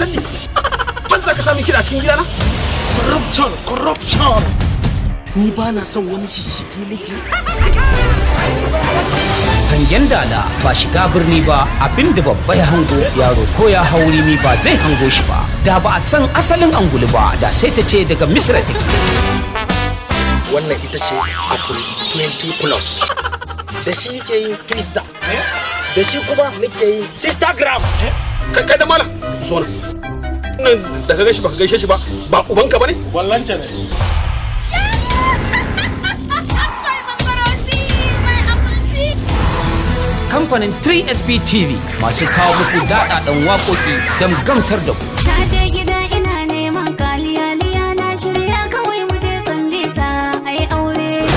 san ni ban za ka sami kira cikin gidana corruption corruption ni ba na son wani shishige liti hangen dala ba shiga birni ba abinda babba ya hango yaro ko ya hauri ni ba zai hango shi ba da ba a san asalin angulu ba da sai ta ce daga misra take wannan ita ce apple 20 plus da shi ke yin twister da shi kuma nake yin sister gram kai kai da mala zo nan da ka gaishe ba ka gaishe shi ba ba ubanka bane wallanta ne kamfanin 3 sb TV masu kawo muku daɗaɗan waƙoƙi don gamsar da ku.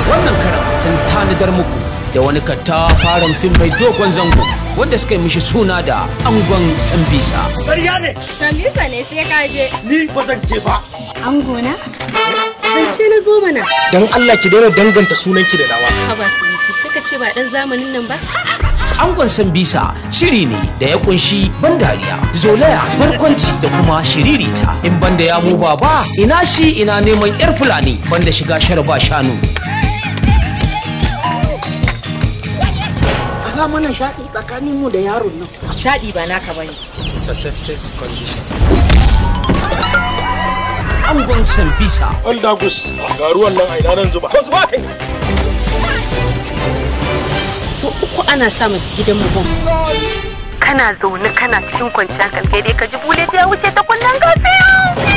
Wannan karan sun tanadar muku da wani katta farin fim mai dogon zango wanda suka yi mishi suna da angon sambisa Sariya ne sambisa ne sai ka ni ba zan ce ba angona ce na zo mana dan Allah ki daina danganta sunan ki da nawa Haba ba su sai ka ce ba dan zamanin nan ba angon sambisa shiri ne da ya kunshi ban dariya zolaya barkwanci da kuma shiririta in banda ya mu ba, ina shi ina neman yar fulani banda shiga shara ba shanu ka mana shaɗi tsakanin mu da yaron nan. Shaɗi ba naka ba ne. It's a safe sex condition. Angon Sambisa. Aldagus, ga ruwan nan a nan zuba. Ko zuba kai. So uku ana samun gidan mu bom. kana zaune kana cikin kwanciyar hankali dai ka ji bullet ya wuce ta kunnen kafe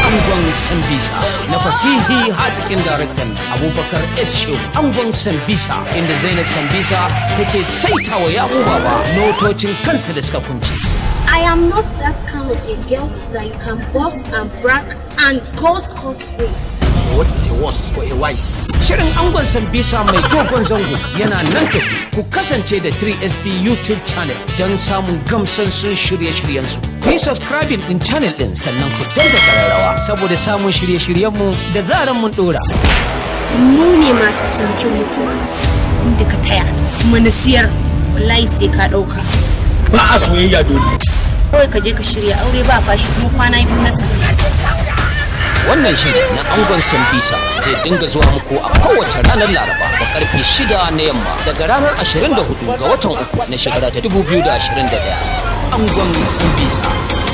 angon sambisa na fasihi hatikin daraktan abubakar s angon sambisa inda zainab sambisa take saitawa yahu baba notocin kansa da suka kunce I am not that kind of a girl that you can boss and brag and cause court free What is a was or a wise? Shirin angon sambisa mai dogon zango yana nan tafi ku kasance da 3SP YouTube channel. don samun sun shirye-shiryensu. Ku yi subscribing ɗin channel ɗin sannan ku danna rawa. saboda samun shirye-shiryenmu da zaran mun ɗora. Mu ne masu cinikin mutuwa inda ka taya kuma na siyar wallahi sai ka ɗauka. Ba a soyayya dole. Kawai ka je ka shirya aure ba fashi kuma kwana biyu na sa Wannan shiri na angon Sambisa zai dinga zuwa muku a kowace ranar Laraba da karfe shida na yamma daga ranar 24 ga watan uku na shekara ta 2021. Angon Sambisa.